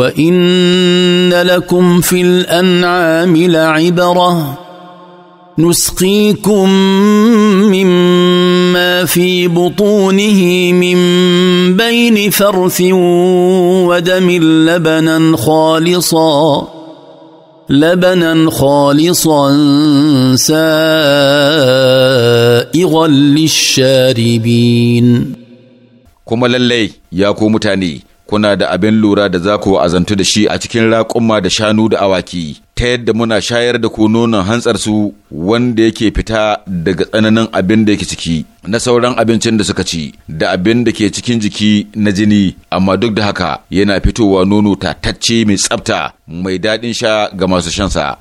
وان لكم في الانعام لعبره نسقيكم مما في بطونه من بين فرث ودم لبنا خالصا لبنا خالصا سائغا للشاربين kuma lallai يا كومتاني kuna da abin lura da za ku wa'azantu da shi a cikin raƙumma da shanu da awaki, ta yadda muna shayar da ku nonon hantsarsu wanda yake fita daga tsananin abin da yake ciki, na sauran abincin da suka ci, da abin da ke cikin jiki na jini, amma duk da haka yana fitowa nono tatacce mai tsafta mai daɗin sha ga masu shansa.